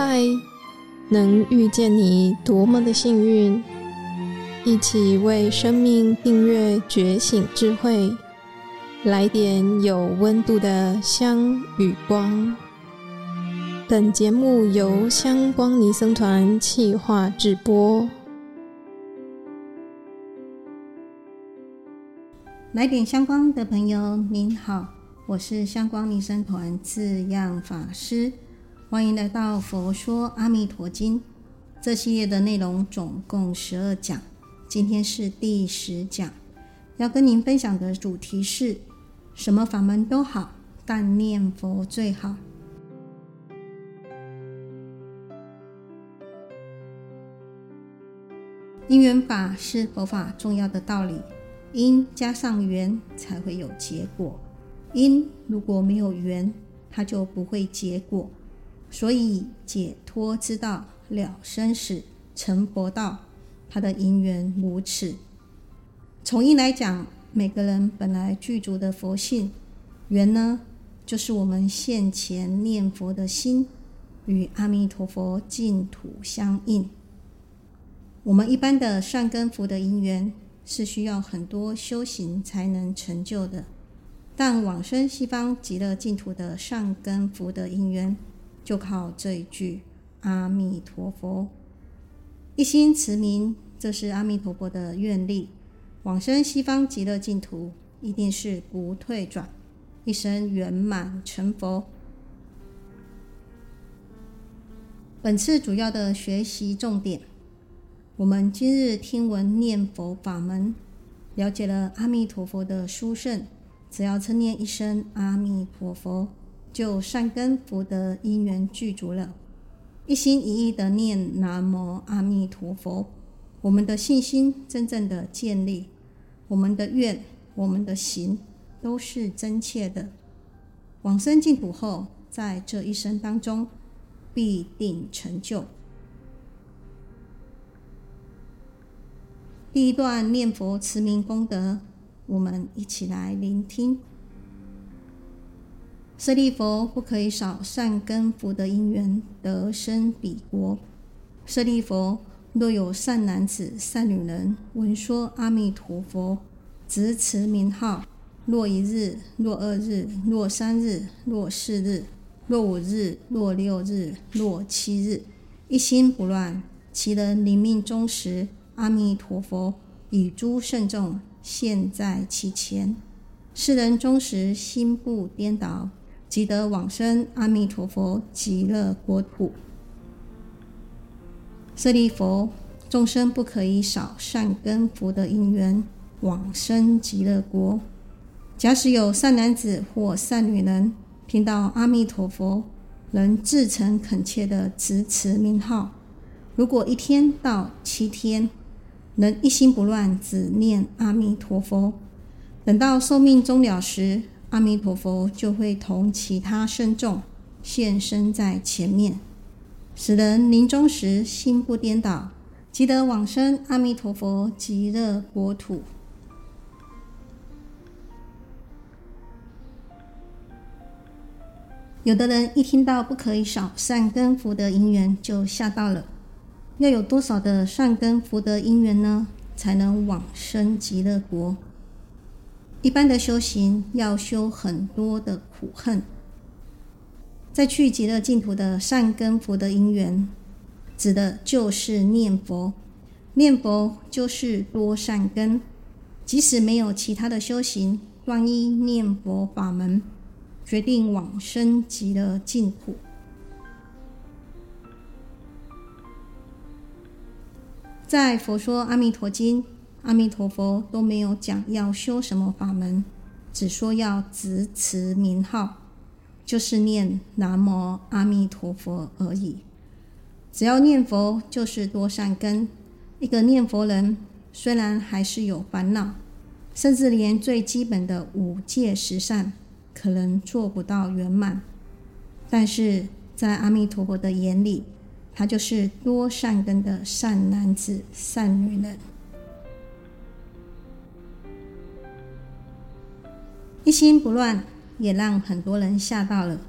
嗨，Hi, 能遇見你多麼的幸運！一起為生命訂閱覺醒智慧，來點有溫度的香與光。本節目由香光尼僧團企劃製播。來點香光的朋友，您好，我是香光尼僧團自羕法師。歡迎來到《佛說阿彌陀經》這系列的內容，總共十二講，今天是第十講，要跟您分享的主題是，什麼法門都好，但念佛最好。因緣法是佛法重要的道理，因加上緣才會有結果，因如果沒有緣，它就不會結果。所以解脫之道，了生死、成佛道，他的因緣如此。從因來講，每個人本來具足的佛性緣呢，就是我們現前念佛的心與阿彌陀佛淨土相應。我們一般的善根福德因緣是需要很多修行才能成就的，但往生西方極樂淨土的善根福德因緣。就靠這一句“阿彌陀佛”，一心持名，這是阿彌陀佛的願力，往生西方極樂淨土一定是不退轉，一生圓滿成佛。本次主要的學習重點，我們今日聽聞念佛法門，了解了阿彌陀佛的殊勝，只要稱念一聲“阿彌陀佛”。就善根福德因緣具足了，一心一意的念南無阿彌陀佛，我們的信心真正的建立，我們的願，我們的行都是真切的，往生淨土後，在這一生當中必定成就。第一段念佛持名功德，我們一起來聆聽。舍利弗，不可以少善根福德因緣，得生彼國。舍利弗，若有善男子、善女人，聞說阿彌陀佛，執持名號，若一日、若二日、若三日、若四日、若五日、若六日、若七日，一心不亂，其人臨命終時，阿彌陀佛與諸聖眾現在其前，是人終時心不顛倒。即得往生阿彌陀佛極樂國土，舍利弗，眾生不可以少善根福德因緣往生極樂國。假使有善男子或善女人聽到阿彌陀佛，能至誠懇切地執持名號，如果一天到七天，能一心不亂只念阿彌陀佛，等到壽命終了時，阿彌陀佛就會同其他聖眾現身在前面，使人臨終時心不顛倒，即得往生阿彌陀佛極樂國土。有的人一聽到“不可以少善根福德因緣”就嚇到了，要有多少的善根福德因緣呢，才能往生極樂國？一般的修行要修很多的苦恨，在去極樂淨土的善根福德因緣，指的就是念佛。念佛就是多善根，即使沒有其他的修行，萬一念佛法門決定往生極樂淨土，在佛說阿彌陀經。阿彌陀佛都沒有講要修什麼法門，只說要執持名號，就是念南無阿彌陀佛而已。只要念佛，就是多善根。一個念佛人，雖然還是有煩惱，甚至連最基本的五戒十善可能做不到圓滿，但是在阿彌陀佛的眼裡，他就是多善根的善男子、善女人。一心不亂，也讓很多人嚇到了。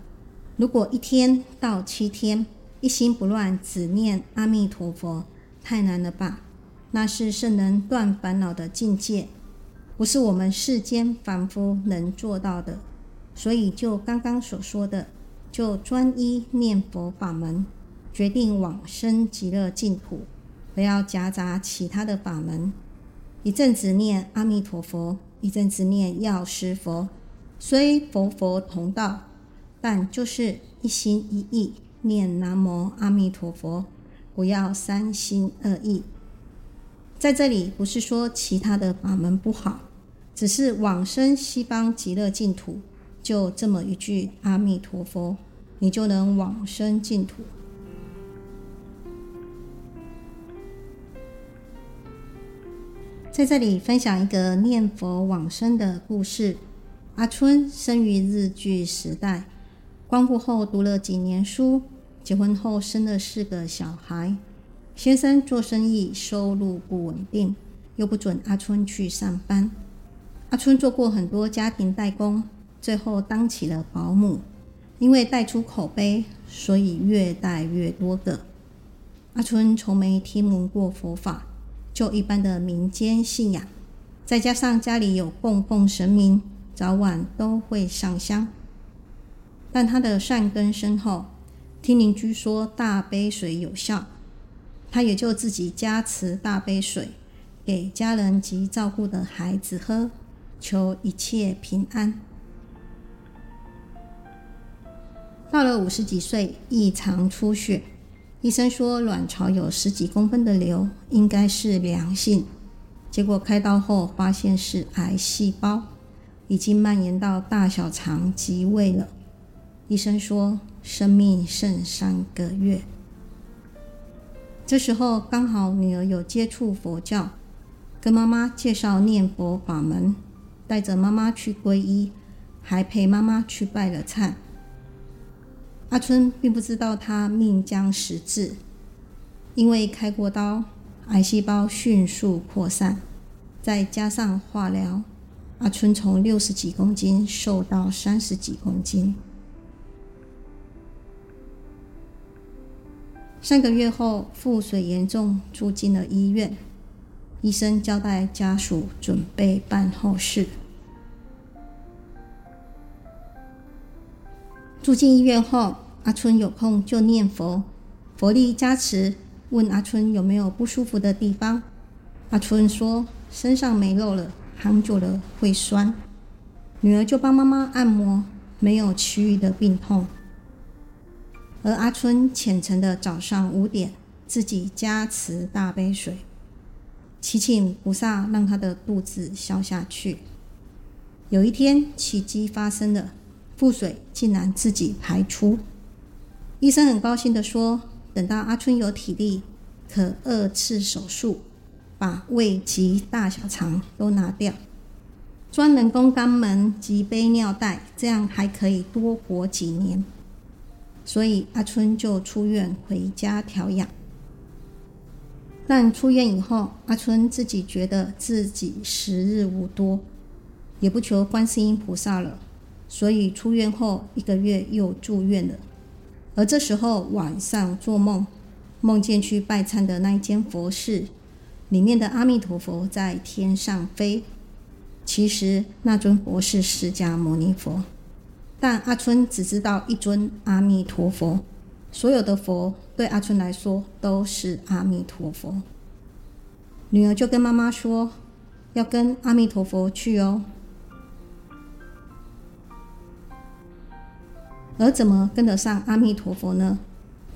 如果一天到七天一心不亂，只念阿彌陀佛，太難了吧？那是聖人斷煩惱的境界，不是我們世間凡夫能做到的。所以，就剛剛所說的，就專一念佛法門，決定往生極樂淨土，不要夾雜其他的法門。一陣子念阿彌陀佛。一陣子念藥師佛，雖佛佛同道，但就是一心一意念南無阿彌陀佛，不要三心二意。在這裡不是說其他的法門不好，只是往生西方極樂淨土，就這麼一句阿彌陀佛，你就能往生淨土。在這裡分享一個念佛往生的故事。阿春生於日據時代，光復後讀了幾年書，結婚後生了四個小孩。先生做生意收入不穩定，又不准阿春去上班。阿春做過很多家庭代工，最後當起了保姆。因為帶出口碑，所以越帶越多個。阿春從沒聽聞過佛法。就一般的民間信仰，再加上家裡有供奉神明，早晚都會上香。但他的善根深厚，聽鄰居說大杯水有效，他也就自己加持大杯水，給家人及照顧的孩子喝，求一切平安。到了五十幾歲，異常出血。醫生說卵巢有十幾公分的瘤，應該是良性。結果開刀後發現是癌細胞，已經蔓延到大小腸及胃了。醫生說生命剩三個月。這時候剛好女兒有接觸佛教，跟媽媽介紹念佛法門，帶着媽媽去皈依，還陪媽媽去拜了懺。阿春並不知道他命將時至，因為開過刀，癌細胞迅速擴散，再加上化療，阿春從六十幾公斤瘦到三十幾公斤。三個月後，腹水嚴重，住進了醫院，醫生交代家屬準備辦後事。住進醫院後，阿春有空就念佛，佛力加持。問阿春有沒有不舒服的地方，阿春說身上沒肉了，躺久了會酸。女兒就幫媽媽按摩，沒有其餘的病痛。而阿春虔誠的早上五點，自己加持大悲水，祈請菩薩讓她的肚子消下去。有一天，奇蹟發生了。腹水竟然自己排出，醫生很高興的說：“等到阿春有體力，可二次手術，把胃及大小腸都拿掉，裝人工肛門及背尿袋，這樣還可以多活幾年。”所以阿春就出院回家調養。但出院以後，阿春自己覺得自己時日無多，也不求觀世音菩薩了。所以出院後一個月又住院了，而這時候晚上做夢，夢見去拜懺的那一間佛寺，裡面的阿彌陀佛在天上飛，其實那尊佛是釋迦牟尼佛，但阿春只知道一尊阿彌陀佛，所有的佛對阿春來說都是阿彌陀佛。女兒就跟媽媽說，要跟阿彌陀佛去哦。而怎麼跟得上阿彌陀佛呢？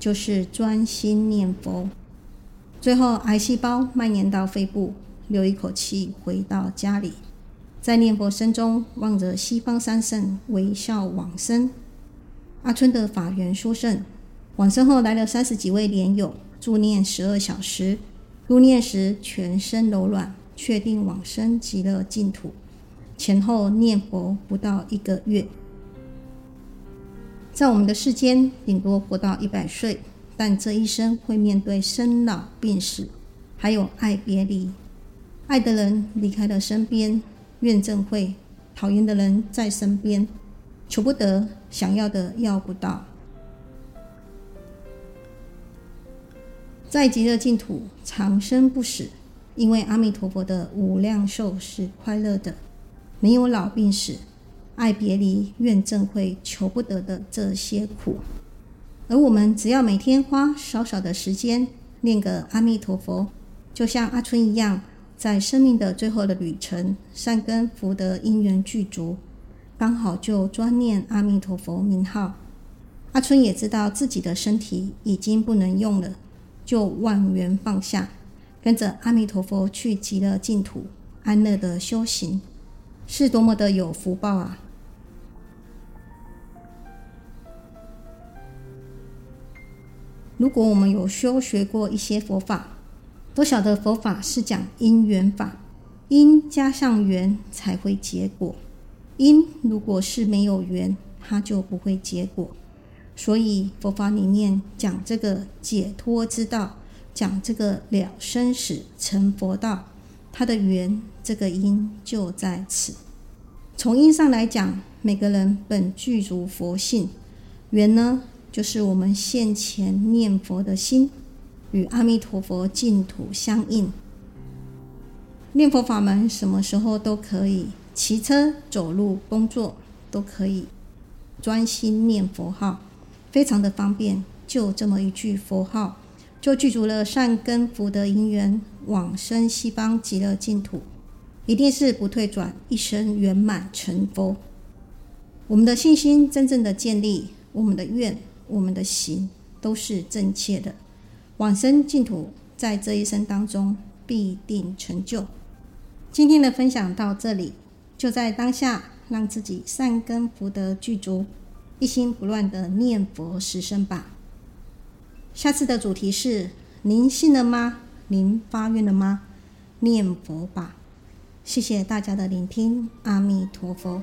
就是專心念佛。最後癌細胞蔓延到肺部，留一口氣回到家裡，在念佛聲中望着西方三聖微笑往生。阿春的法緣殊勝，往生後來了三十幾位蓮友助念十二小時，入殮時全身柔軟，確定往生極樂淨土。前後念佛不到一個月。在我們的世間，頂多活到一百歲，但這一生會面對生老病死，還有愛別離，愛的人離開了身邊，怨憎會；討厭的人在身邊，求不得，想要的要不到。在極樂淨土，長生不死，因為阿彌陀佛的無量壽是快樂的，沒有老病死。愛別離、怨憎會、求不得的這些苦，而我們只要每天花少少的時間念個阿彌陀佛，就像阿春一樣，在生命的最後的旅程，善根福德因緣具足，剛好就專念阿彌陀佛名號。阿春也知道自己的身體已經不能用了，就萬緣放下，跟着阿彌陀佛去極樂淨土，安樂的修行，是多麼的有福報啊！如果我們有修學過一些佛法，都曉得佛法是講因緣法，因加上緣才會結果。因如果是沒有緣，它就不會結果。所以佛法裡面講這個解脫之道，講這個了生死成佛道，它的緣這個因就在此。從因上來講，每個人本具足佛性，緣呢？就是我們現前念佛的心與阿彌陀佛淨土相應。念佛法門什麼時候都可以，騎車、走路、工作都可以專心念佛號，非常的方便。就這麼一句佛號，就具足了善根福德因緣，往生西方極樂淨土，一定是不退轉，一生圓滿成佛。我們的信心真正的建立，我們的願，我們的行都是正確的，往生淨土，在這一生當中必定成就。今天的分享到這裡，就在當下，讓自己善根福德具足，一心不亂的念佛十聲吧。下次的主題是：您信了嗎？您發願了嗎？念佛吧。謝謝大家的聆聽，阿彌陀佛。